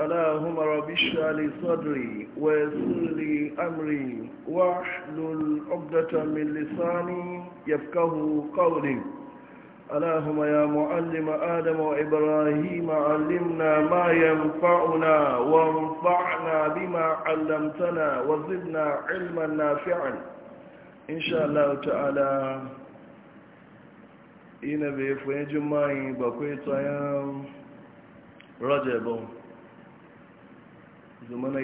اللهم رب اشرح لي صدري ويسر لي امري واحلل عقدة من لساني يفقه قولي اللهم يا معلم ادم وابراهيم علمنا ما ينفعنا وانفعنا بما علمتنا وزدنا علما نافعا ان شاء الله تعالى ina bai fi jimai bakwai tsayan rajabon zuma na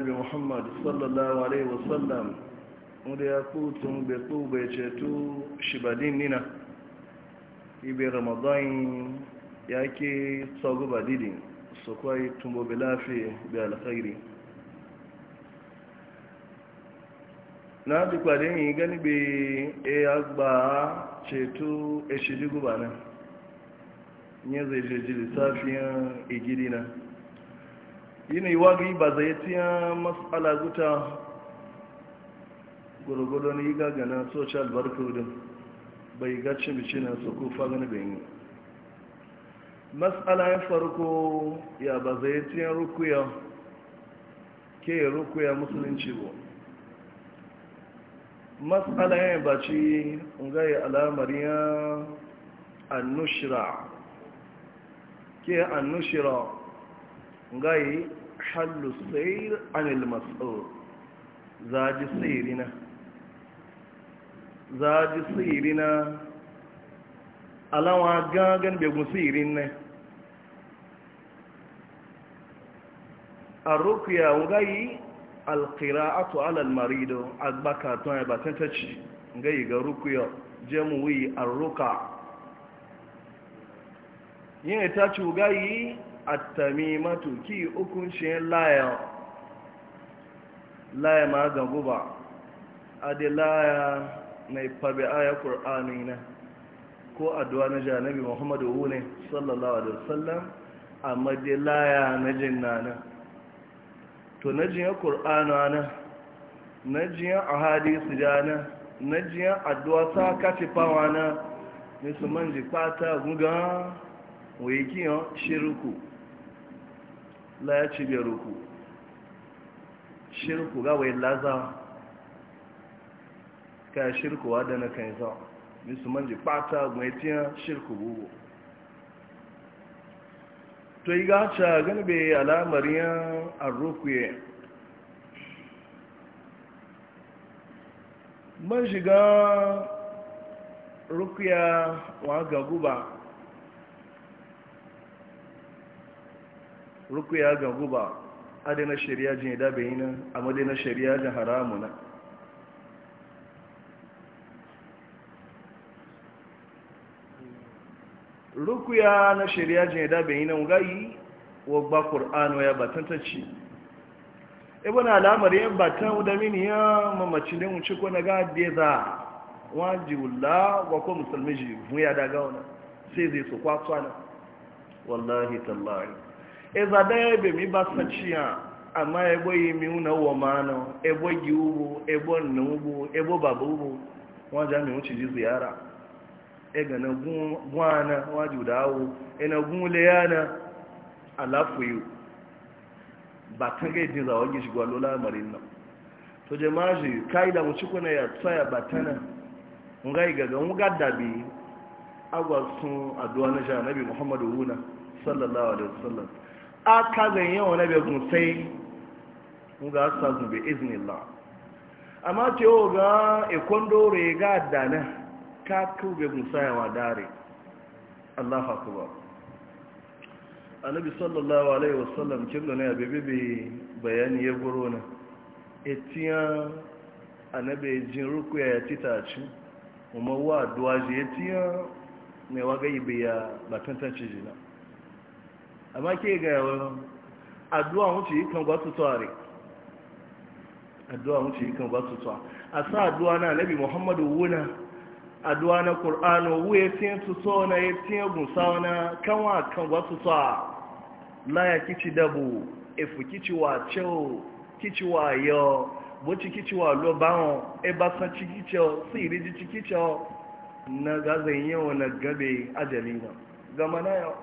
bi muhammad sallallahu alaihi wasallam wanda ya kutun bai tuba ya ceto shibadin nina ibe ramadan ya ke tsogu ba didin su kwai tumbo bai lafi bi alkhairi na ti kwade yi gani bai e agba ceto e shidi guba nan yanzu ya je ji lissafin na yin yi ga ba zai tiya matsala guta gwargwado ne yi gagana social barcode bai gaci bici na su ko gani bai yi matsala ya farko ya ba zai tiya rukuya ke rukuya musulunci bu matsala ya baci ngayi alamar ya annushira ke annushira gai hallu sayir anil mas'ur zaji sayirina zaji sayirina alawa gagan begun sayirin ne a rukuya gai alkira'atu alal marido agbaka tun aibatan e ta ci gai ga rukuya jemuwi arruka yin ita ci gai at-tamimatu ki hukuncin laya laya ma ga guba ade laya mai fabi aya Kur'ani na ko addu'a na janabi muhammadu hune sallallahu alaihi wasallam amma de laya na nana to na jiyan qur'ana na na jiyan ahadisi jana na ya addu'a ta kati fawana na nisu manji fata guga wai kiyan shirku la ya ce biyar ruku shirku ga wai laza ka shirku wada na kan za musamman ji fata mai tiya shirku gugu to yi gaca gani bai alamar yan arrukuye man shiga rukuya wa ga guba rukuya ga guba adana shari'a jin da nan a madina shari'a na haramuna rukuya na shari'a jin da nan ngai wa ba qur'ano ya batantacci ibn e alamar yan batan da mini ya mamaci ne mun ci ko na ga deza wula wa ko musulmi ji mu ya daga wannan sai zai su na. wallahi tallahi eza da ebe mi ba sachiya amma ebo yi mi una wo mano ebo gi ubu ebo nna ubu ebo baba ubu wọn ja mi wuce ji ziyara ega na gwana waju da awu ina e gunle yana alafu yi ba ta ga idin zawon gishi gwalo lamarin nan to jamaji kaida mu na ya tsaya batana ngai gaga agwa agwasun aduwa na janabi muhammadu huna sallallahu alaihi wasallam aka ganyen wani begun gusai ga asa zube laa, amma ce yau ga ikondo rega dana ka kube musayawa dare allah akubar annabi sallallahu alaihi wasallam kin na ya bebe bayani ya goro na etiya annabi jin ruku ya titaci kuma wa duwaje etiya ne waga ibiya batantan cijina amma ke ga yawon addu'a wuce yi kan gwatu tuware addu'a wuce yi kan gwatu tuwa a sa addu'a na nabi muhammadu wuna addu'a na ƙur'anu wuye tiye tuto na ya tiye gusa na kanwa kan gwatu tuwa laya kici dabu efu kici wa cewo kici wa yau boci kici wa lo bawon e ba san ciki cewo si iriji ciki cewo na ga gazan yau na gabe ajali na gama na yau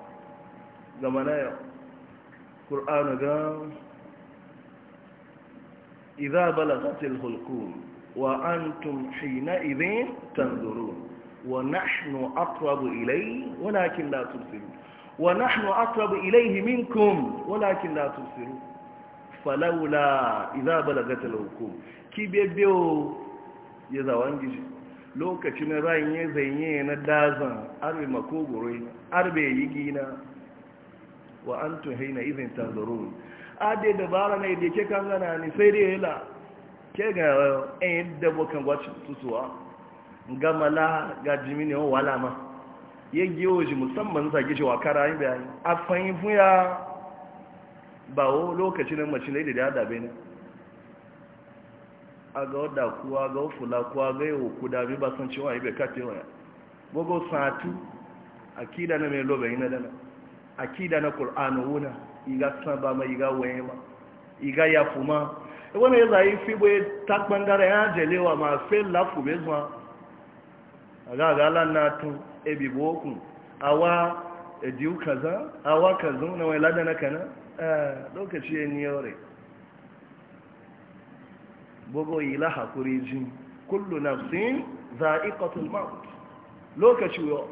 zamana yau ƙur'anu ga iza balagatil hulkum wa an antum na izin tanzuru wa nahnu akwabu ilai walakin da tubsirun wa nahnu aqrabu ilayhi minkum walakin la tubsirun falawla idza balagatil hukum kibebeo ya zawangi lokacin rayin ya zanye na dazan arbe makogoro arbe yigina wa an tuhina izin tanzurun ade dabara ne da ke kan gana ni sai dai la ke ga en eh, da bokan gwacin tutuwa gamala ga jimini o wala ma ye giwo ji musamman sa gishi wa kara yin bayani a fayin fuya ba wo lokacin nan mace ne da ya dabe ne a ga wadda kuwa ga fula kuwa ga yau ku dami ba san cewa ibe katewa ya gogo satu akida na mai lobe yi na dana akida na ƙul'anu wuna iga saba ma iga waye ma iga ya fuma wani ya zai fi bai takbangara ya jelewa ma fe lafu bai zuwa a gagala na tun ebi bokun awa ediyu kaza awa kaza na wai lada na kana eh, lokaci ya ni yore bugu ila hakuri jin kullu nafsin za'iqatul maut lokaci yau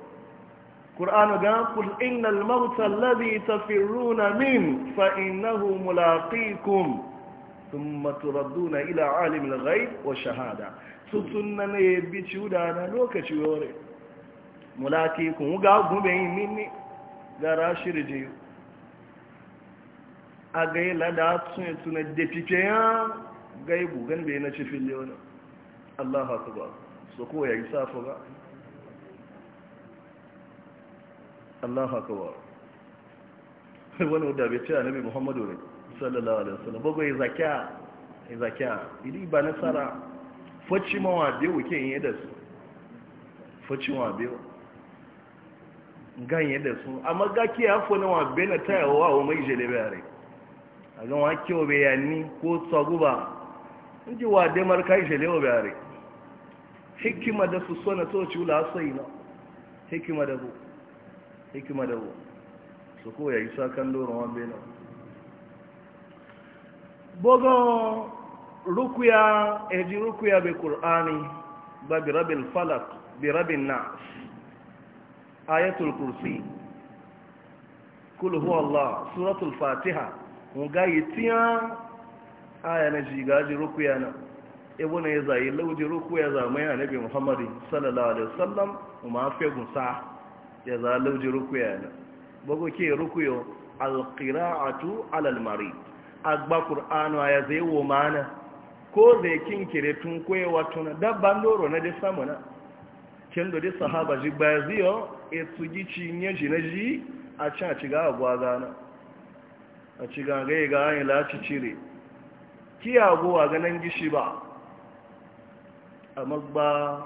ƙur'anu ga kul innal mauta alladhi tafirruna min fa innahu mulaqikum thumma ila alim rai wa shahada tutunna ne bi ciuda na lokaci yore mulaqikum ga gube minni ga rashir je a ga yi lada sun da fice ya gaibu gan na cifin leona Allahu akbar so ko ya yi safa ba Allah haka wa wani wadda bai ce annabi muhammadu ne sallallahu alaihi wasallam bago ya zakiya ya zakiya idi ba nasara facci mawa biyu ke yin yadda su facci mawa biyu gan yadda su amma gaki ya fo na wa bena ta yawa wa mai jele bare a gan wa kiwo bai yanni ko tsaguba in ji wa dai kai jele wa bare hikima da su sona to ci wula sai na hikima da su. hikima da ruwa su ko ya yi sakan doron wambe na bugun rukuya eji rukuya bai ƙul'ani ba birabin falak birabin na ayatul kursi kulhu Allah suratul fatiha nga yi tiya aya na jigaji rukuya na ibu na ya zayi lauji rukuya zamai na nabi muhammadu sallallahu alaihi wasallam ma fegun sa'a ya za lauji rukuya na bako ke rukuyo tu alalmari. A agba qur'anu ya zai wo mana ko zai kinkire tun wato tuna dabban doro na da samu na kendo da sahaba ji ziyo? e tsugi cinye ji na ji a ci a ciga agwa gana a ci gangaye ga hanyar laci cire kiyago a ganin gishi ba a magba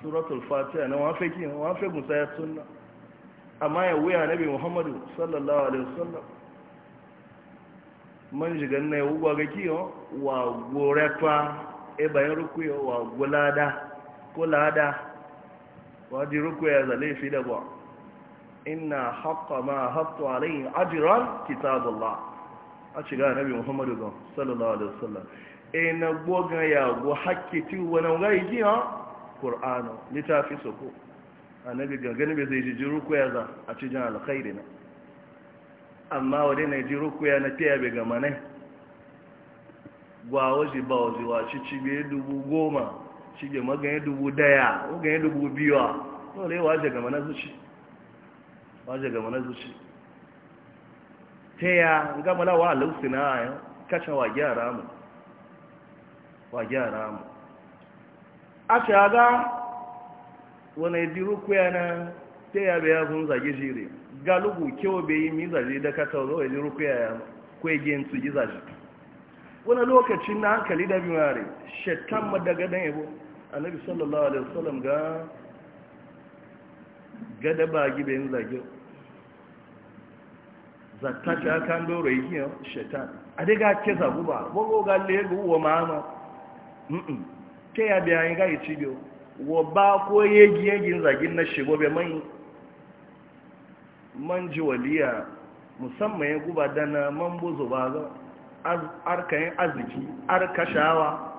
suratul fatiha na wafe kiyan wafe ya sunna amma ya wuya nabi muhammadu sallallahu alaihi wasallam man jigan na yawuwa ga kiyo wa gorefa e bayan rukuyo wa gulada ko lada wa di rukuya zale fi da ba inna haqqa ma haqqu alayhi ajran kitabullah a shiga nabi muhammadu sallallahu alaihi wasallam e na gogan ya go hakki ti wani ga yi kiyo qur'ano litafi soko annabi ga gani bai zai ji jiru kuya za a cijin alkhairi na amma wadai na jiru kuya na fiya bai gama nai gwa waje ba waje wa ci dubu goma ci magani dubu daya maganin dubu biyu a nolai waje gama na zuci waje gama na zuci ta ya gama na wa lausina a yan kashe wa gyara mu wa gyara mu a shaga wani diru rukuya na ta ya biya sun zage jire galugu kyau bai yi mi zaje da kata tauro ya ji rukuya ya kwege su ji zaje wani lokacin na hankali da bimare shetan madaga dan yabo annabi sallallahu alaihi wasallam ga gada ba gibe yin zage Zata ta kan doro yi yau shetan a daga ke zagu ba gogo ga lego wa ma'ama ta ya yi ga yi cibiyo wa ba ko yegi yegin zagin na shigo bai man man ji waliya musamman ya guba dana man buzo ba ga arkayin arziki arka shawa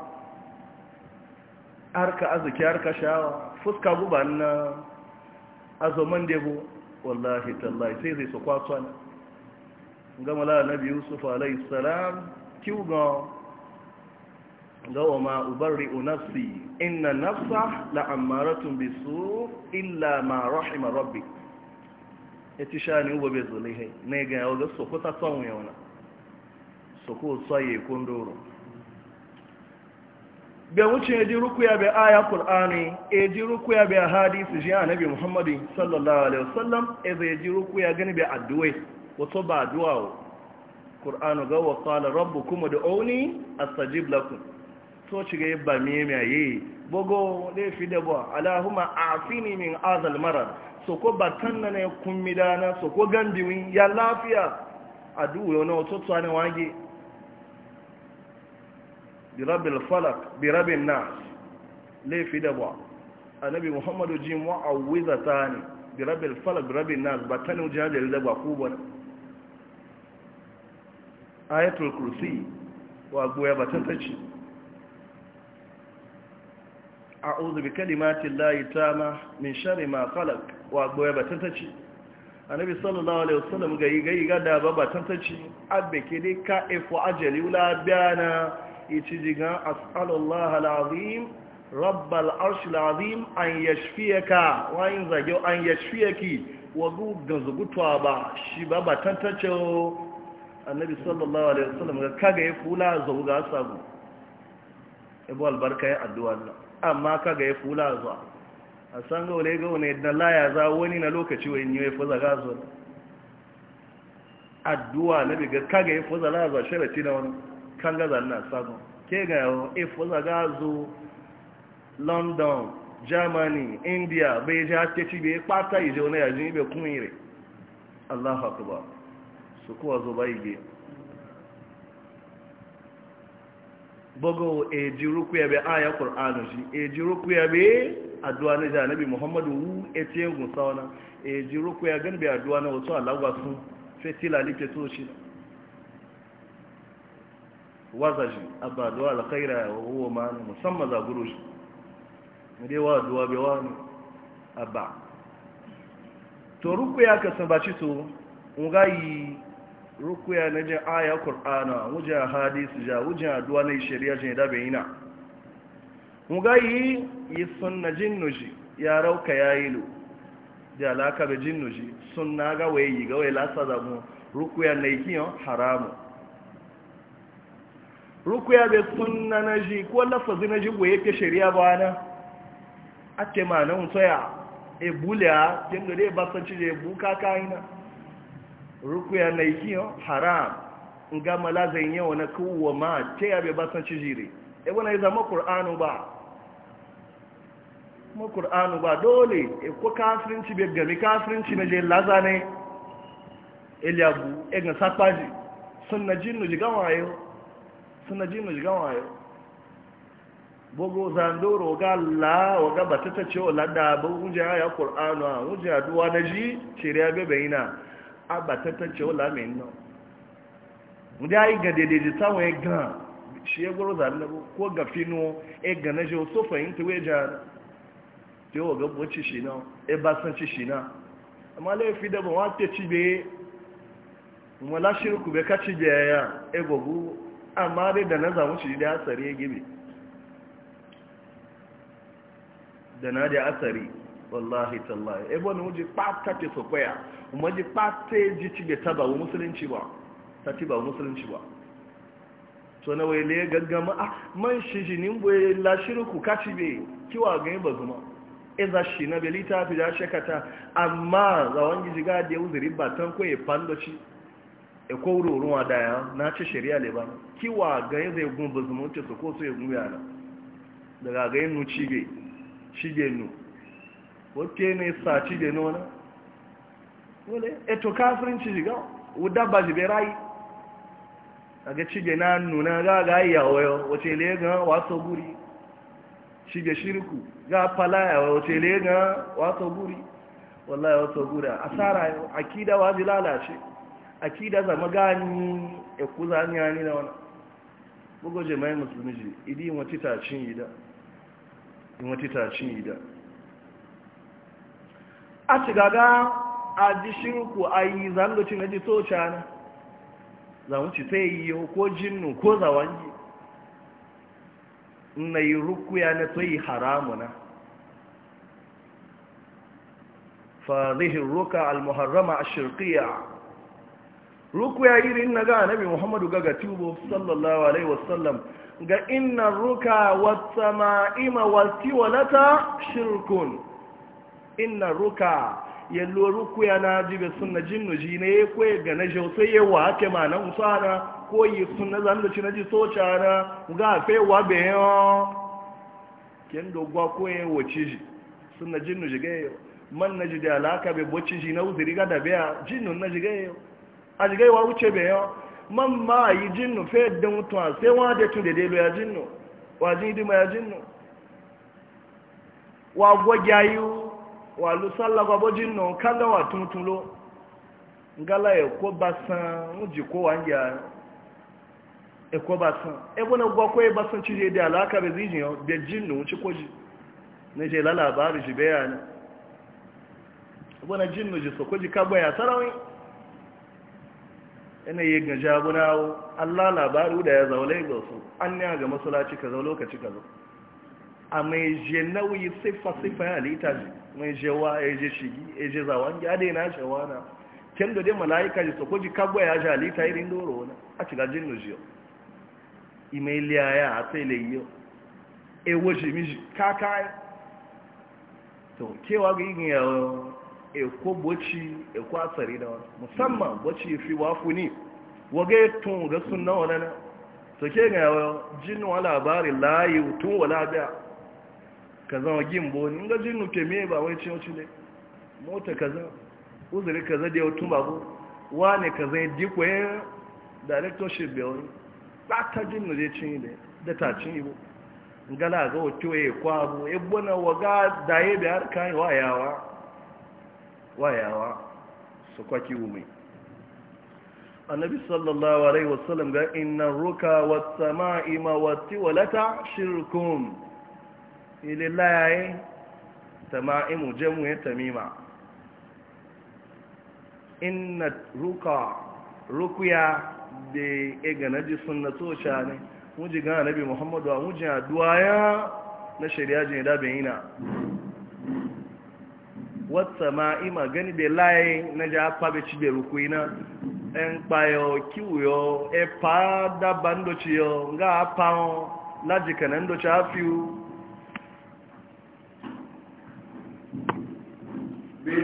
arka arziki arka shawa fuska guba na azoman debo wallahi tallahi sai zai su kwaso ne gama la biyu yusuf alayhi salam kiwu ga gawa ma ubarri'u nafsi ina nafsa da amaratun bisu illa ma rahima rabbi sha ni ubo zo zulihai na ga yawo ga soko ta tsawon yawana soko tsaye doro bai wuce ya ji rukuya bai aya kur'ani ya ji rukuya bai hadisi a nabi muhammadu sallallahu alaihi wasallam ya zai ji rukuya gani bai addu'ai wato ba addu'a ƙul'anu ga wa da auni a sajib lakun To shiga yabba me maye bogo laifi da ba alahuma afini min azal marar so ko batan na ne kun midana so ko gambiwin ya lafiya a duwuyo na wato tsanin wage birabil falak birabin nas laifi da ba annabi muhammadu jin wa'awwiza ta ne birabil falak birabin nas batan jihadar da ba ku ba ayatul kursi wa goya batan ta ce a'udhu bi kalimati llahi tama min sharri ma khalaq wa goya batan annabi sallallahu alaihi wasallam ga yi gai ga da baba tace abbe ke dai ka ifu ajali wala bana yace diga as'alullah alazim rabbal arshil azim an yashfiyaka wa in zage an yashfiyaki wa gu gazugutwa ba shi baba tan tace annabi sallallahu alaihi wasallam ga kaga ya fula zauga sabu addu'a Allah amma kaga ya fula zuwa a san gaule gaune da laya za wani na lokaci wani ya fuza gazo addu'a na biga kaga ya fuza lazo sharati na wani kan gaza na sago ke ga yawon ya fuza gazo london germany india bai ji haske ci bai kpata ije wani yajin ibe kun ire allah haku ba su kuwa zo bai ige bogo e ji ruku yabe aya qur'anu shi e ji ruku yabe addu'a na janabi muhammadu wu e ce gun sauna e ji ruku ya ganbe addu'a na wasu alagwa sun fetila like to shi wazaji abba addu'a alkhaira wa huwa musamman za guru shi dai wa addu'a be wa abba to ruku ya kasan ba ci so rukuya na jin aya kur'ana wujen hadisi ja wujen aduwa na shari'a jin da bai yana mugayi yi sunna jin nuji ya rauka ya yi lu da alaka da jin nuji sunna ga waye yi ga waye lasa da mu rukuya na ikiyo haramu rukuya da sunna na ji ko lafazi na ji ya ke shari'a ba na e a ma tsoya ebule e kin da dai basanci da kaka ina rukuya na ikiyo haram nga malazin yawa na kowa ma ce ya san ci jiri? e na yi zama ƙur'anu ba kuma ƙur'anu ba dole e ko kafirinci bai gami kafirinci na je laza ne e egin sakpaji sun na jin ji gawayo sun na ji nuji gawayo bugu zandoro ga la waga batata ce o lada bugun jaya ya ƙur'anu a wujen aduwa na ji cire ya bebe yana agbàtẹ́tẹ́ tí ó lámì iná ndị anyị ga dede sanwa ga shi ya gwaro zanen ko ga fino e ga na shi so fahimta wai jihar ta yi wa gabo ci shi na e ba san ci shi na amma laifi da ba wata ci be wala shirku ka ci be ya e gogo amma dai da na zamu shi da asari ya gibe da na da asari wallahi tallahi e bo na wuce kpata ta sokoya kuma ji pate ji ci ta ba musulunci ba ta ci ba musulunci ba to na wai le gaggama a ah, man shi shi nin boye la shirku ci be kiwa ga ba zuma eza shi na belita fi da shekata amma za wangi jiga da yau zuri ba tan e pandoci e ko ruwa da ya na ci shari'a le ba kiwa ga zai gun ba zuma ce su ko su ya gun yana daga ga yin nu ci be shi ge nu wace ne sa ci ge nona wale eto eh, kafirinci shiga wadda ba zibe rayi a ga na nuna ga ga ya oyo wace le ga wato guri cibe shirku ga fala ya wayo wace le ga wato guri wallahi wato guri asara akida wazi lalace akida zama gani e kuzani ani na wana bugo jama'i musulmi ji idi wata cin ida in wata tacin ida a a ji shirku a yi zangacin na ji toca na zaunci ta yi yau ko jinnu ko zawangi na yi rukuya na ta yi haramuna fa zihin ruka al-muharrama a shirkiya rukuya irin na ga anabi muhammadu ga gatubo sallallahu alaihi wasallam ga inna ruka wata ma'ima wasiwalata shirkun inna ruka ya loru kuya na jibe sunna jinnu ji ne kwe ga na jau sai ya wa hake ma na musana ko yi sunna zan da cina ji soca na ga fe wa be yo ken do gwa ko ye woci ji sunna jinnu ji ga yo man na ji da alaka be boci ji na uzuri ga da biya jinnu na ji ga yo a ji ga wa uche be yo man ma yi jinnu fe da mutuwa sai wa da tun da dai lo ya jinnu wa ji di ma ya jinnu wa gwa gyayu wàlú sálàgbà bójí nà kágáwà tuntun ló ngálà ẹ̀kọ́ bá san ń jì kó wà ń yà ẹ̀kọ́ bá san ẹgbọ́n na gbọ́kọ́ ẹ bá san ci dé aláka bẹ̀ zíjì yàn bẹ̀ jí ci kó jì na jẹ́ lálàbárì jì bẹ́yà ni ẹgbọ́n na jí nà jì sọ́kọ́ jì kágbọ́n yà ya zaune ga su an yi ka mai jewa ya je shigi ya je zawangi adai na jewa na ken do dai malaika ji so koji kabwa ya jali ta irin doro na a ci gajin no jiyo email ya ya a e woji mi kaka to kewa ga yin ya e ko boci e ko asari da musamman boci fi wafu ni wage tun ga sunna na to ke ga jin wala labari layi tun wala biya kaza wa gimbo ni nga jin nuke me ba wai cin cile mota kaza uzuri kaza da yau babu wane kaza ya dikwa ya directorship da wani ba ta jin nu je cin da da ta cin ibo ngala ga otu ya kwa abu e bona waga da ya da har kai wayawa wayawa su kwaki umai annabi sallallahu alaihi wasallam ga inna ruka was sama'i ma wati walata shirkum ile layaye tama'imu jamu ya tamima inna ruka rukuya da ega na ji sunna tocha ne muji gana nabi muhammadu a muji aduwa ya na shari'a jini dabin yana wata ma'ima gani be laye na ji akpa bai ci da rukuina ɗan kpayo kiwuyo epa daban doci yo ga apa laji kanan doci afiyu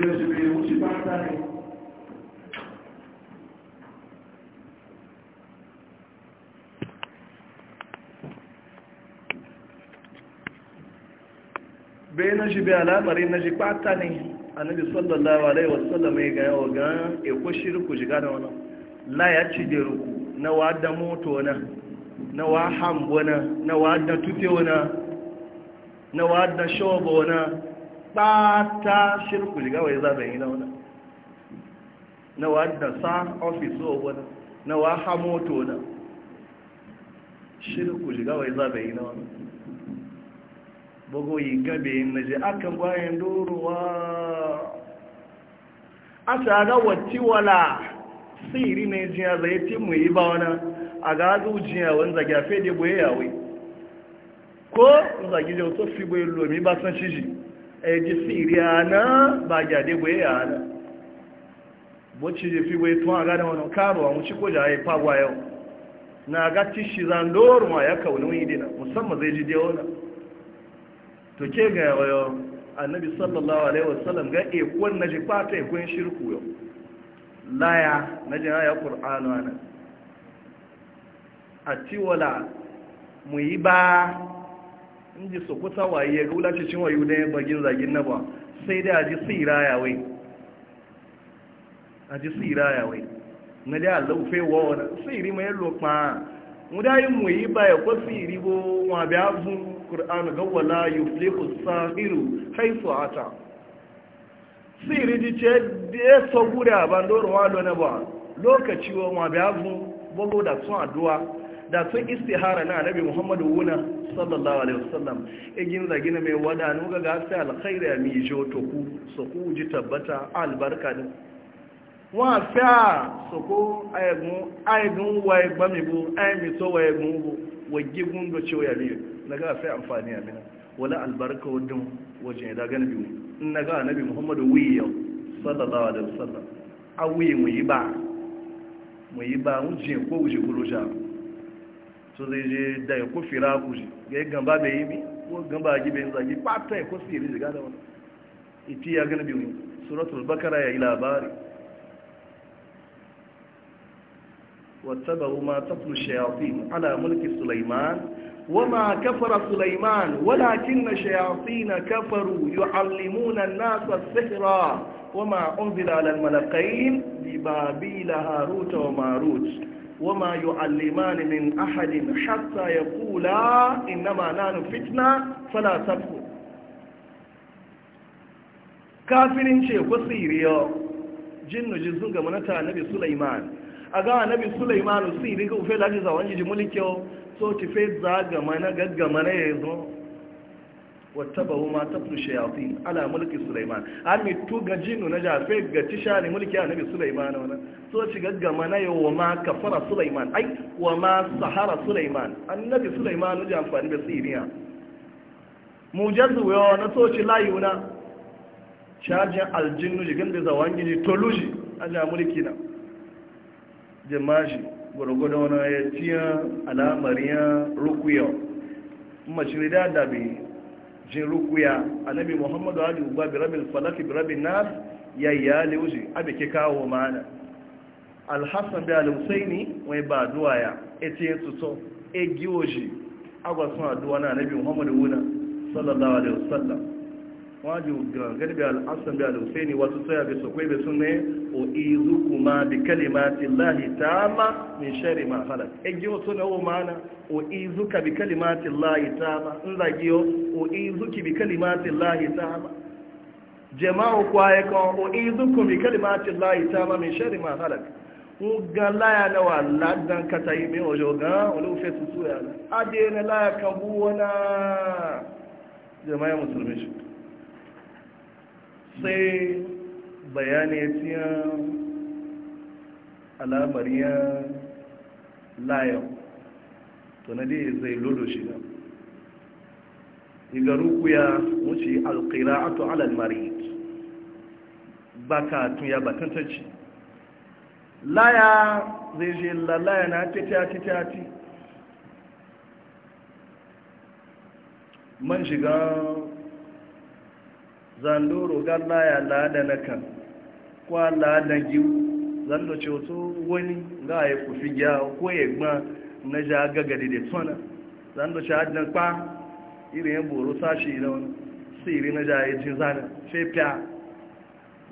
lọ bai na shi bai alamari na ji kwata ne annabi sallallahu alaihi wasallam ya ga yawa ga eko shirku shiga da wani la ya ci da ruku na wadda moto na na wa na na wadda tutewa na na na ɓata shirku shiga wai zaɓen yi launa na wa da san ofis wani na wa hamoto na shirku shiga wai zaɓen yi launa bugu yi gabe na je akan bayan dorowa a tare wacce wala siri ne jiya zai ti mu yi ba wani a gazu jiya wani zagi a fede boye yawai ko zagi jau to boye lomi ba san shi eji siri ana ba jade gwe ana bocci je fi gwe tun aga da wani karo a wuce ko jaye fagwa yau na ga tishi zan doruwa ya kauni wani musamman zai ji dewa na to ke ga yawayo annabi sallallahu alaihi wasallam ga ekon na ji fata ekon shirku yau laya na jin haya ƙur'anu ana a tiwala mu yi ba inji su kusa waye ga wulacicin wayo ya bagin zagin na ba sai dai aji tsira ya wai aji tsira ya wai na dai fai wa wani tsiri mai lokpa lokma mudayi mu yi baya ko su iri bo ma bi zun ƙur'an ga wala yuflihu sahiru haifu ata tsiri ji ce da ya so guda ban wa walo na ba lokaci wa ma bi zun bogo da sun addu'a da sun istihara na annabi muhammadu wuna sallallahu alaihi wasallam igin e, zagina mai wadanu ga gasa alkhairu ya mi jo to ku so ku ji tabbata albarka din wa fa so ko ayegun ayegun wa egba mi bu ay mi to wa egun bu wagi gun do ciwo ya mi naga amfani amina wala albarka wadun wajen da ganabi naga annabi muhammadu wiyo sallallahu alaihi wasallam awi mu yi ba mu yi ba mu je ko wuje guruja to zai je da ya ya واتبعوا ما تتلو الشياطين على ملك سليمان وما كفر سليمان ولكن الشياطين كفروا يعلمون الناس السحر وما أنزل على الملكين ببابيل هاروت وماروت وما يعلمان من أحد حتى يقولا إنما نحن فتنة فلا تكفر kafirin ce ku siriyo, jinnu ji sun gama na ta nabi sulaiman a ga nabi sulaiman su yi rika ufe lafi zawon jiji mulkiyo so ti fe za na gaggama na ya zo wattabahu ma tatlu shayatin ala mulki sulaiman an to ga jinu na jafe ga tisha ne mulki annabi sulaiman wannan so ci gaggama na yau ma kafara sulaiman ai wa ma sahara sulaiman annabi sulaiman ne amfani da siriya mujazzu yo na so ci layuna charge aljinnu jigan da zawangi ne toluji ala mulki na jama'i gurgudu na ya tiya alamariya rukuyo mashirida da bi jin rukuya annabi muhammadu ali uba birabin rabbil birabin na ya yi ya yale abin ke kawo mana alhassan da al-husaini wai ba duwa ya ete e tuto e giwoji agwa sun aduwa na annabi muhammadu wuna sallallahu alaihi wasallam wajin gangar da al'asan da al'usaini wasu tsaya bai sakwai bai sun ne o izu kuma bi kalimatin lahi ta ma min shari ma halak egi wasu na umana o izu ka bi kalimatin lahi ta ma in zagi o o izu ki bi kalimatin lahi ta ma jama'u kwaye kan o izu ku bi kalimatin lahi ta ma min shari ma halak n ga laya na wa ladan kata yi min ojo gan olufe tutu ya ade na laya kan buwana ya musulmi shi sai bayani ya ciya alamar To layan tunadi zai lolo shi nan igaru kuya wuce alƙira'atu alal marid baka tun ya batantacci laya zai je lalaya na titi-titi man shiga zando rogar laya lada na kan kwa lada giwu zando ce wato wani ga ya kufi gya ko ya gba na ja gagade da tsona zando ce hajjan kwa irin yan boro sashi na wani siri na ja ya jin zana ce fiya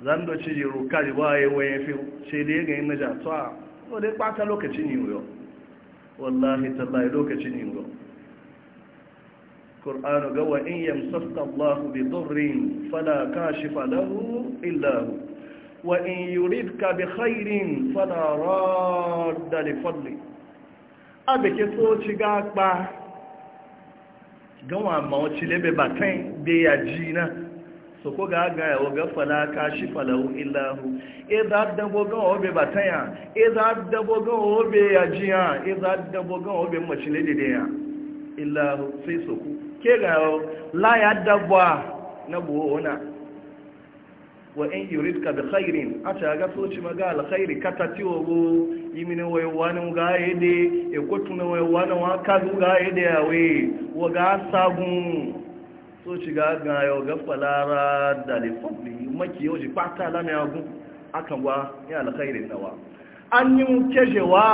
zando ci ji roka ji ba ya waye fi ce da ya gani na ja tsawa wadda ya lokaci lokacin yiwu yau wallahi tallahi lokaci yiwu ƙur'anu ga wa in yamsafka Allah bi durrin fala kashifa lahu illa hu wa in yuridka bi khairin fala radda li fadli abeke so ci ga pa wa ma o ci be batin de ya jina so ko ga ga yawo ga fala kashifa lahu illa hu da bo ga be batin ya da bo ga obe ya za da bo ga ci le de ya illa hu sai so ku ke ga la ya dabwa na buhona wa in ka bi khairin a ta ga soci maga alkhairi kata tiwo go yimine wai wani ga yede e kotuna wai wani wa ka ga yede we wa ga sagun soci ga ga yo ga falara da le fadli maki yoji pata la me agun akan wa ya alkhairin nawa an yi mu kejewa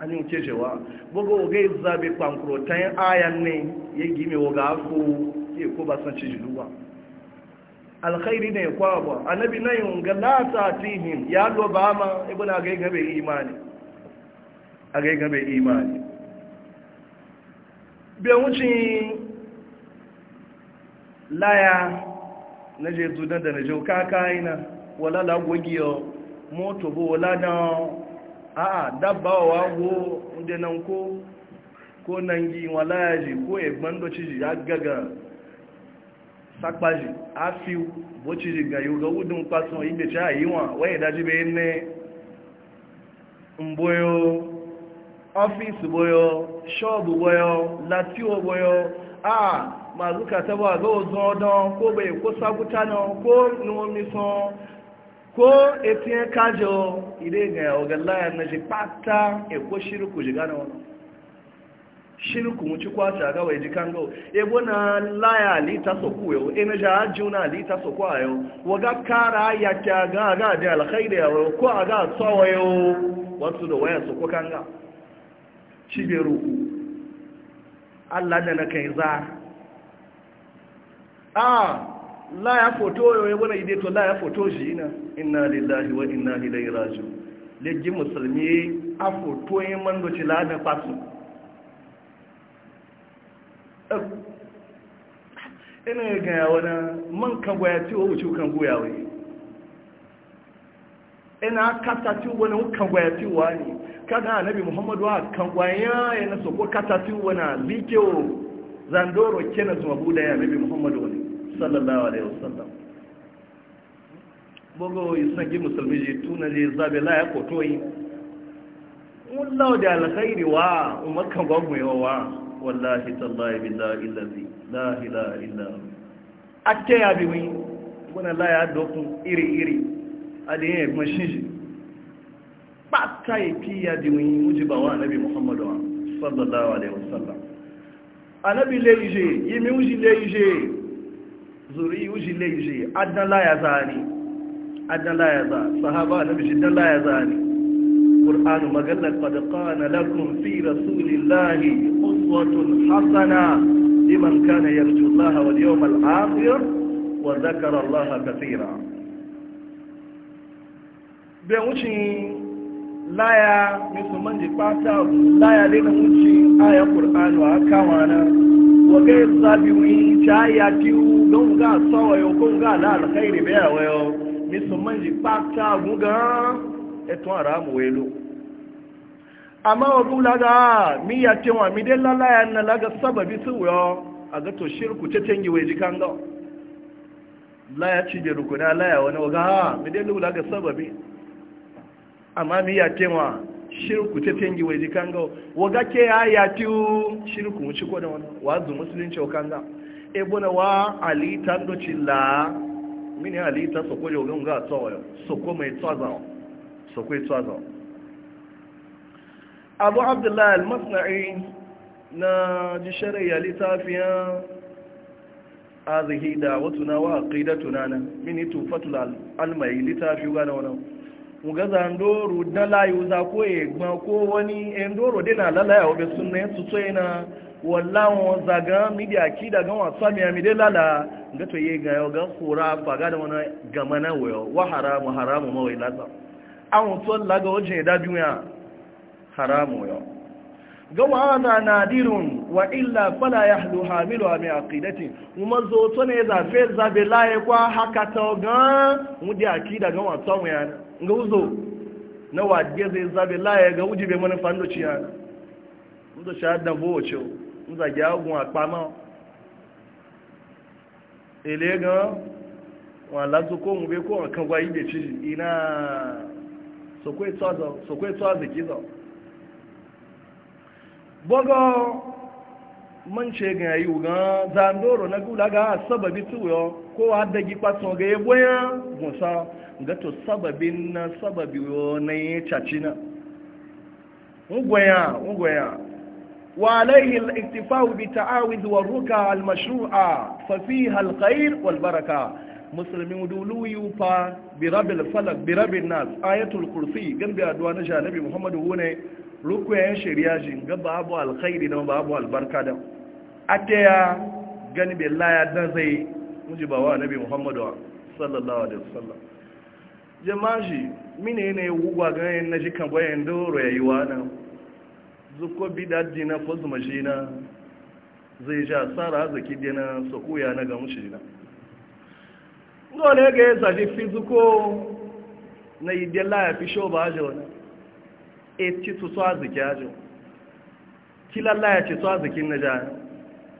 an yi cewa o ga zabe kwankrotan ayan ne ya gime wa ga ku ke ko ba san ciji duba alkhairi ne kwa ba annabi na yin ga la tatihim ya lo ba ma ibn aga ga gabe imani a ga gabe imani be wuci laya na je zudan da na je kaka ina wala la gogiyo moto bo wala na a dabba wa go inda ko ko nan gi walaji ko egban do ciji agaga sakpaji afiu bo ciji ga yo ga wudun pason ibe cha yiwa waye daji be ne mboyo office boyo shop boyo latio boyo a mazuka tabo ga ozon don ko be ko saguta ko nuwo ko etinye kajo ile ga ogalla ya na jipata ekwo shiruku jigana wani shirku shiruku ci kwacha ga wai jikan go ebo na laya li ta soku yo ina e ja juna li ta soku ayo waga kara ya ta ga ga da alkhairi ya ko aga tsawa yo wato da waya soku kanga ci be ruku Allah da na a la ya foto yoyi wani ide to la ya foto shi ina inna lillahi wa inna ilaihi raju. lejji musulmi a foto yin mando ci lada fasu ina ya gaya wani man kan goya ci wa wuce kan goya wai ina kata ci wani kan goya ci wa ne kada anabi muhammadu a kan goya ya na soko kata ci wani likewo zandoro kenan zuwa buda ya anabi muhammadu wani sallallahu alaihi wasallam bogo isangi musulmi je tuna je zabe la ya kotoyi wallahu da alkhairi wa umakan gwagwayo wa wallahi tallahi billahi illazi la ilaha illa hu akke ya bi wi bona la ya dokun iri iri adiye kuma shinji pata ikiya di wi mujiba wa nabi muhammadu sallallahu alaihi wasallam anabi leije mi wuji leije zuri yuji leji adan la ya zani adan la ya zani sahaba na bishi dan la ya zani qur'anu magalla qad qana lakum fi rasulillahi uswatun hasana liman kana yarju allaha wal yawmal akhir wa dhakara allaha kathira be wucin laya musulman ji fata laya ne na wucin aya qur'anu aka wana waga sabi wi cha ya tiu gonga sawa yo gonga la alkhairi be awayo musulman ji pata gunga eto ara mu welo amma wabu laga mi ya ce wa mi dai lalaya na laga sababi su yo a ga to shirku ce tangi wai jikan ga laya ci da rukuna laya wani waga mi de lula ga sababi amma mi ya ce wa shirku ta tengi wai jikan ga waga ke ya ya tiyu shirku mu ciko da wani wa zu musulunci wakan za e bona wa ali do chilla mini ali ta soko jo ga ga tsawo soko mai tsazawo soko mai tsazawo abu abdullahi al-masna'i na ji shari'a littafiyan azihi da watuna wa aqidatuna na mini tufatul al-mai littafi ga na wannan muga zandoro na layu za ko egba ko wani endoro dina lalaya obe sunna yansu so yana zaga midi aki daga wasa mi amide lala ga ye ga ga kura faga da wani gama na wayo wa haramu haramu mawai lasa an to laga wajen da haramu yo ana nadirun wa illa fala yahlu hamilu ami aqidati kuma zo to ne za fe za be kwa ga uzo na wadge zai zabe laye ga uji be mana fando ciya uzo sha da bo ce uza ga gun apa ma ele ga wa la ko mu bai ko a kan gwa bai ci ina so ko etso azo so bogo man ce ga yi ga zandoro na gula ga sababi tuyo ko adda gi patso ga yeboya musa gato sababin na sababi na ya caci na ngwaya ngwaya وعليه الاكتفاء بالتعاوذ والركع المشروعة ففيها الخير والبركة مسلمين دولو يوفا برب الفلك برب الناس آية الكرسي جنب أدوان جانبي محمد هنا ركوة شرياجي جنب أبو الخير جنب أبو البركة دا. أتيا جنب الله يدنا زي مجيب نبي محمد صلى الله عليه وسلم jamaji mine ne wuwa ganin na jikan bayan doro ya yi wana zuko bidaji na fazuma shi na zai ja tsara zaki dina sakuya na ga mushi na dole ga ya zaji fi zuko na yi idela ya fi sho ba ajo wani e ci tutu ki ajo kilalla ya ci tutu azikin na ja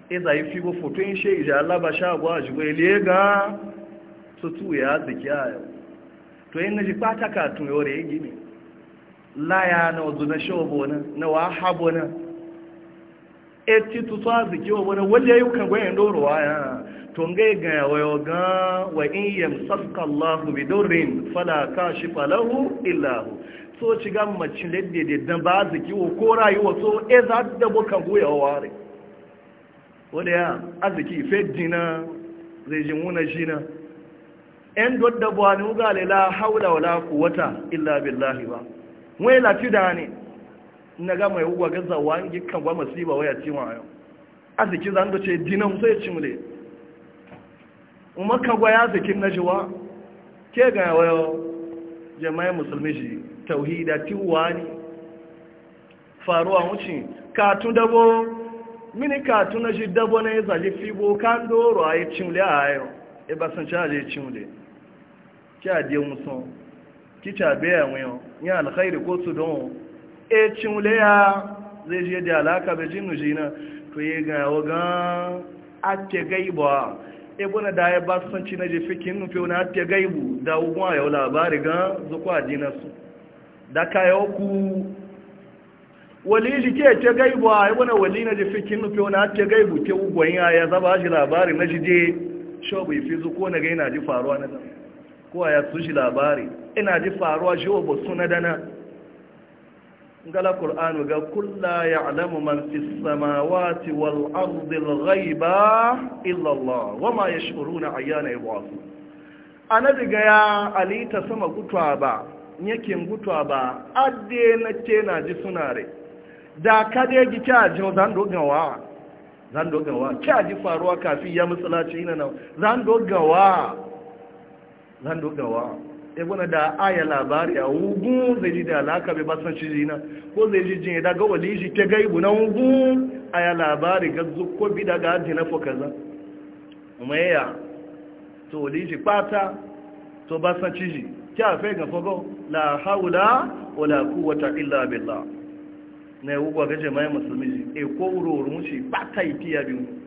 e zai fi bu foto in shi ija alaba sha abuwa jibo ile ga tutu ya aziki ayo to yin na ji fata ka yore yi gini laya na wazo na shobo na na wahabo na e ti tutu arziki wa wani wanda yi kan gwayen dorowa ya to nga ga ya wayo ga wa in yamsaka Allah bi durrin fala kashifa lahu illa hu so ci ga mace ledde de dan ba arziki wa ko rayuwa so e za ta da kan goya ware wanda ya aziki. fe dina zai ji muna na. ‘yan dodda buwani le la haula wala kuwata illa billahi ba wai lati da ne na ga mai uwa gaza wani kan ba masiba waya ci wa yau arziki zan ce dinan sai ci mule umar kan ya zikin na jiwa ke ga wayo jama'in musulmi shi tauhida ti wani faruwa wuce katu dabo mini tun na shi dabo na ya zaji fibo kan doro a yi cimle a yau ibasan e caje cimle kí àdé ohun sọ kí tàbí àwọn èèyàn ní alkhairi kó tó dánwò e cin léyà zai je da alaka bai jinu shi na to yi gan wagan ake gaibu a ibuna da ya ba san ci na je fikin nufi wani ake gaibu da ugun a yau gan zuku àdínà su da yọ ku wali shi ke ke gaibu a ibuna wali na je fikin nufi wani ake gaibu ke ugun ya ya zaba shi labari na shi je shobu ifi zuku na gaina ji faruwa na kowa ya su shi labari ina ji faruwa shi wa basu na dana gala ƙur'anu ga kulla ya alamu man fi samawati wal rai ba, illallah wa ma na ayyana yub'asu A ga ya alita sama gutuwa ba yakin gutuwa ba adde na ce na ji suna re da ka da yake ta ji zan dogawa zan dogawa ka ji faruwa kafin ya matsala yi ina nan zan dogawa zan dogawa ya guna da aya labari a hugu zai ji da alaka bai basan shi zina ko zai ji jini daga wali shi ke gaibu na ugu aya labari ga ko bi daga ajiye na fokaza ya to wali shi kpata to basan shi ji kya fai ga fogo la haula wala quwwata illa billah na ya ugu gaje mai musulmi e ko wuro wuro shi pata bi mu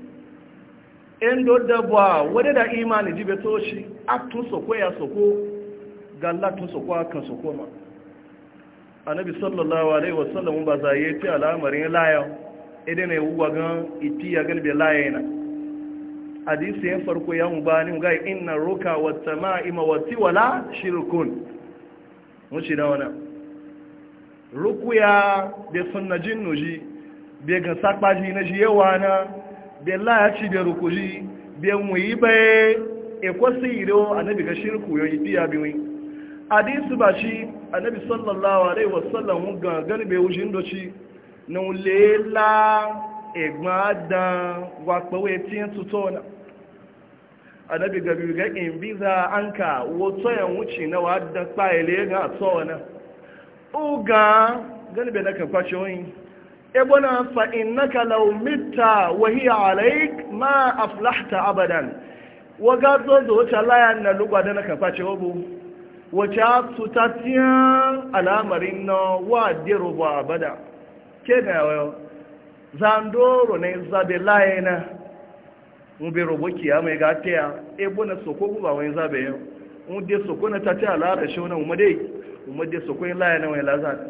endo dabwa wadda da imani jibe a atun soko ya soko galla tun soko akan soko ma annabi sallallahu alaihi wasallam ba za yi ta al'amarin layan idan ya wuwa gan iti ya na. layana hadisi yan farko ya mubani in na roka wa tama'ima wa tiwala shirkun shi na wana rukuya da sunna nuji bai ga sakpaji na ji yawa na bella ya ci da rukuji biyan wuyi bai ekwasi iro annabi ga shirku yoyi biya biyu hadisi ba shi annabi sallallahu alaihi wasallam ga garbe wujin doci na ulela egbon adan wapawe tiyan tutona annabi ga biyu ga in biza an ka wato yan wuce na wadda kpa ile ga atona uga garbe na kan kwace wani ebona fa innaka law mitta wa hiya alaik ma a aflahta abadan waga zozo wacce Allah na lugwa da naka face wabu Wace su ta tiyan al'amarin na wa dero ba abada ke ga yau zandoro ne zabe layena mu be robo kiya mai gatiya ebona e soko ba wani zabe yau mu de soko na ta ta alara shi wani mu dai mu de soko layena wani lazada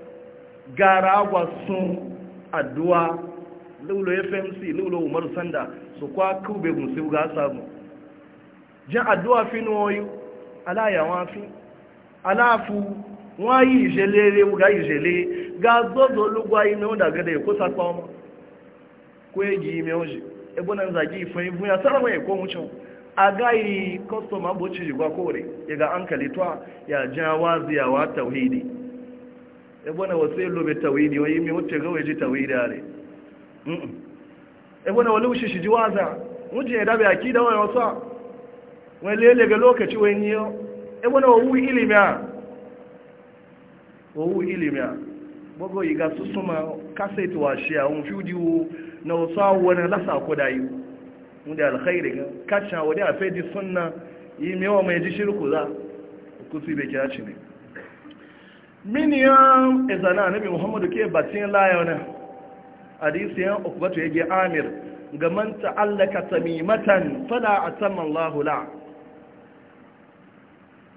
gara agwa sun addu'a lulo fmc lulo umaru sanda su kwa kube musu ga samu jin addu'a fi nuwoyi alayawa fi aláàfú wọ́n yí ìṣẹ̀lẹ̀ eré ga zọ́zọ́ ológun ayé mẹ́wọ́n dàgẹ́dẹ̀ sápá ọmọ kó èyí mẹ́wọ́n ìfún ya sára wọn èkó wúchan kọstọm abụchi jikwa kore ya ga an ya ebona wasu yin lobe tawidi wani mai wuce gawai ji tawidi a ne ebona wani wuce shi ji waza wuce ya dabe aki da wani wasa wani lele ga lokaci wani yau ebona wawu ilimi a wawu ilimi a gbogbo yi ga suma kaseti wa shi a wun fiudi wu na wasu wani lasa ko da yi da alkhairi ga kacin wani a fedi sunna yi mewa mai ji shirku za kusi bai kira ci ne miniyan izana nabi muhammadu ke batin layana hadisiyan ukubatu ya ge amir ga man ta'allaka tamimatan fala a saman lahula.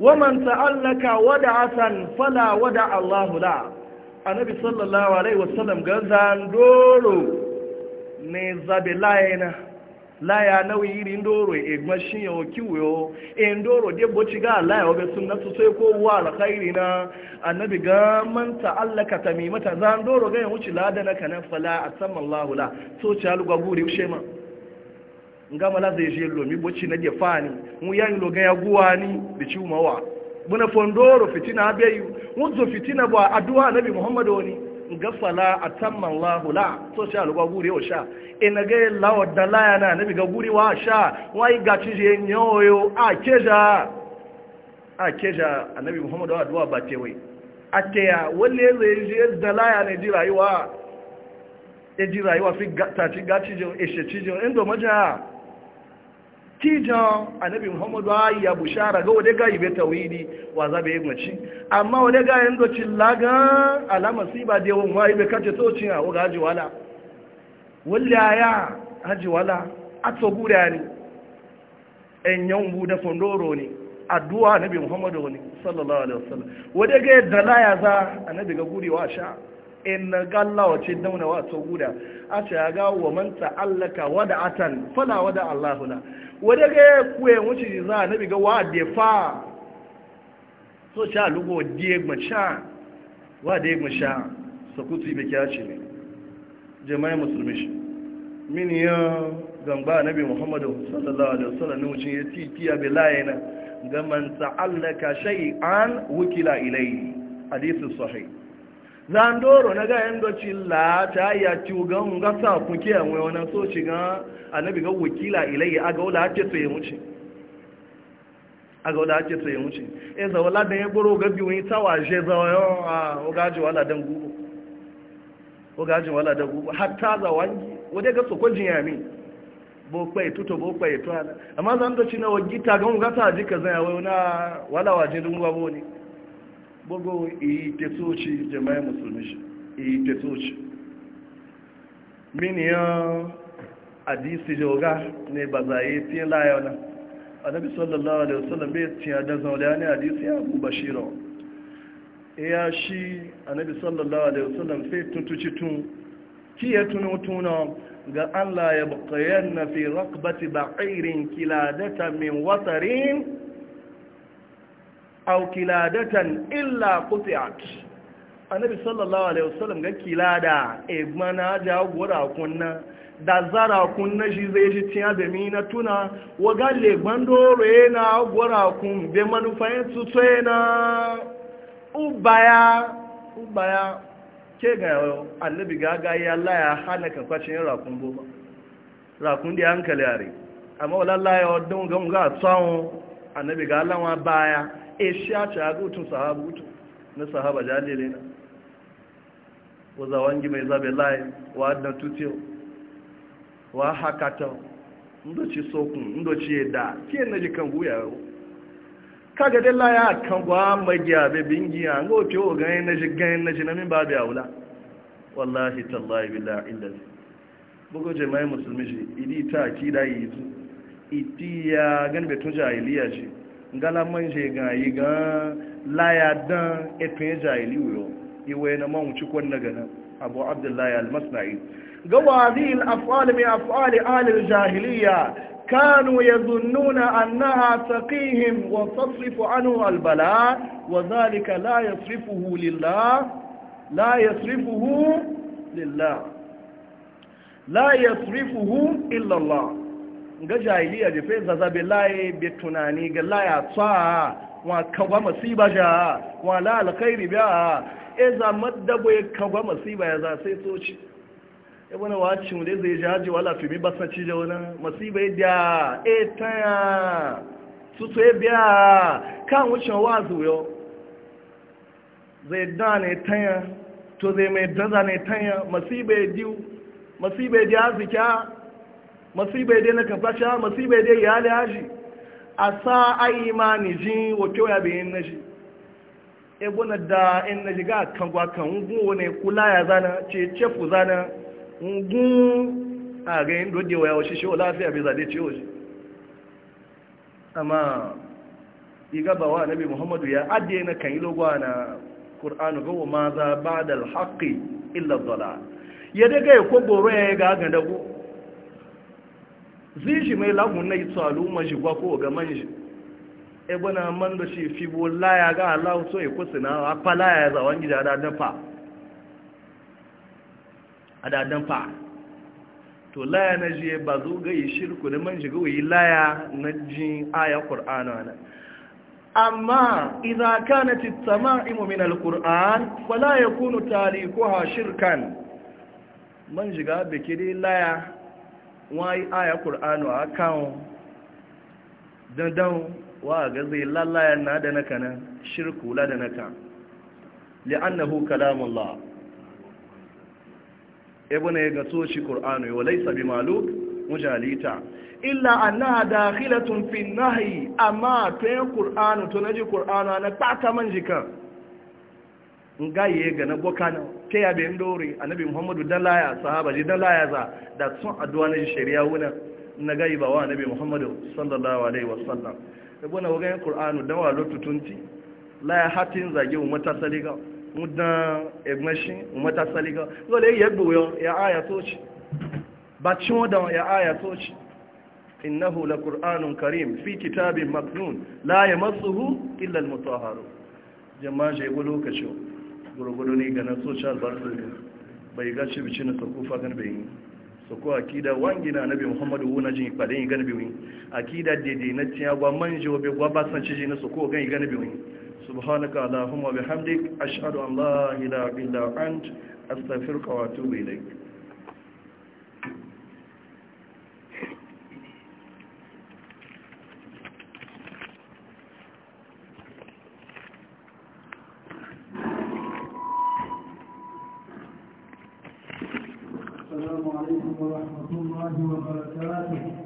wa man ta'allaka wada'atan fala wada lahula a nabi sallallahu alaihi wasallam ga zandoro ne zabe zabilaina laya ya nawi iri ndoro egma shinyo kiwo e ndoro de boci ga la ya obe sunnatu sai ko wa alkhairi na annabi ga man ta'allaka tamimata za ndoro ga wuci lada na kana fala atamma Allah la so ci alugwa guri shema ngama zai je lomi boci na defani mu yan lo ga ya guwani da ci umawa muna fondoro fitina abeyu wuzo fitina ba addu'a nabi Muhammad wani gafala a tamman lahula to sha aluwa guri o sha ina ga lawa da laya na biga guri wa sha wai ga cije nyoyo a keja a keja nabi muhammadu wa duwa ba ce wai a teya wale zai je da layana ji rayuwa ya e ji rayuwa e fi ta ci ga cije e she cije inda maja tijan annabi muhammadu ya bushara ga wadda gayi bai ni wa zaɓe yin mace amma wadda gayin docin lagan alamar si ba da yawan wayi bai kace tocin a wuga haji wulle wallaya haji wala a tsogura ne ‘yan yawon da fondoro ne addu'a annabi muhammadu ne sallallahu alaihi wasallam wadda gayi dalaya za annabi ga gurewa sha in gallawa ce dauna wa to guda a ce ya ga wa man ta'allaka wada atan fala wada allahuna wada ga kuwe wuce za na biga wa fa so sha lugo diegma sha wa ma sha ti be kya ce ne jama'a musulmi shi min ya gamba nabi muhammadu sallallahu alaihi wasallam ne wuce ya ya be layina ga man ta'allaka shay'an wukila ilayhi hadithu sahih zandoro na ga yan doci la ta ya ci ga nga sa ku ke an wani so ci ga annabi ga wakila ilayya aga wala ce to ya muci aga wala ce to ya muci e za wala da ya boro ga biyu ta waje za yo a o ga ji wala dan gugu o ga ji wala dan gugu hatta za wangi wode ga so ko jinya mi bo kwai tuto bo kwai to amma zan doci na wagita ga nga ta ji ka zai ya na wala waje dun gwabo ne bugu iyi tetoci jama'i musulmi shi iyi tetoci miniyan Adisi joga ne ba za yi tiye layo na annabi sallallahu alaihi wasallam bai tiya da zaune ne Adisi ya abu bashira ya shi annabi sallallahu alaihi wasallam sai tuntuci tun ki ya tuno tuno ga Allah ya buƙayyar na fi rakbati ba'irin kiladata min watarin aw kiladatan illa qutiat annabi sallallahu alaihi wasallam ga kilada e mana ja gora kunna da zara kunna shi zai ji tiya da mi na tuna wa galle gbandoro yana gora kun be manufayin tutu yana ubaya ubaya ke ga annabi ga ga ya Allah ya hana ka kwacin rakun goma rakun da hankali are amma wallahi ya wadon ga mu ga tsawon annabi ga Allah baya e sha ci a sahabu sahaba na sahaba jalile na waza wangi mai zabe layi wa adnan tutiyo wa hakata ndoci sokun ndoci ya da ke na ji kan guya yau kaga dai laya kan gwa magiya be bingiya ngo ce o ganin na ji ganin na ji na min babu aula wallahi tallahi billahi illazi bugo jama'i musulmi shi idi ta akida yi itiya gan betun jahiliya ji galaman je yi ga laya dan efe jahili yo iwe na man wuci na gana abu abdullahi al-masna'i ga wadi al-af'al min af'al ahli al-jahiliya كانوا يظنون أنها تقيهم وتصرف عنه wa وذلك la yasrifuhu لله la يصرفه لله لا يصرفه ga jahiliya da fe zazabe laye be tunani ga laya tsa wa kagwa masiba ja wa la alkhairi biya e za maddabo ya kagwa masiba ya za sai soci e wani wacin da zai ji haji wala fi mi basa ci ja wani masiba e ya da e ta su sai e biya kan wucin wazu yo zai da ne tanya to zai mai daza ne tanya masiba ya e diu masiba ya diya azika masibai dai na kafasha masibai dai ya haji a sa ai ma ni ji wa kyau ya bayin na shi e da in na jiga kan gwa kan ngun wani kula ya zana ce cefu zana ngun a ga yin dode wa yawashi shi lafiya bai zade ciwo shi amma iga ba wa bi muhammadu ya adiye na kan yi logowa na ƙur'anu gawa ma za ba da alhaƙi illa zala ya daga ya kogoro ya ga gadagu zishi mai lagun na yi al'umma shi kwa ko ga man shi e bana man da shi fi bo laya ga Allah so e kusa na apa laya za wangi da adan fa da fa to laya na je ba zo ga yi shirku da man shiga ga yi laya na ji aya qur'ana na amma idza kanat at-tama'imu min al-qur'an fala yakunu tarikuha shirkan man shiga bikiri laya wọ́n yí àyà kùránù àkáwọn dandan wa ga zai lallaya na da naka nan shirku la da naka li'annahu kalamullah ibn ya gaso shi qur'anu wa laysa bimaluk mujalita illa annaha dakhilatun fi nahi amma ta yi to naji qur'anu na ta man jika ngaye ga na boka ke ya be dore annabi muhammadu dalaya sahaba ji dalaya za da sun addu'a na shari'a wuna na gayi ba wa annabi muhammadu sallallahu alaihi wasallam da bona wa ganin qur'anu da wa lotutunti la ya hatin zage mu ta saliga mudan egmashi mu mata saliga gole ya gbo ya aya toci ba cin da ya aya toci innahu qur'anun karim fi kitabin maknun la yamassuhu illa al mutahharu jama'a je lokacin gurgudu ne ga na social barcelona bai gashi bici na sako fagan bai yi sako akida na nabi muhammadu wuna jin ipaden yi gani a akida dede na tiya gwa manje wa ba san ciji na sako gan yi gani biyu subhanaka allahumma bihamdik ashhadu an la ilaha illa ant astaghfiruka wa atubu ilaik ورحمة الله وبركاته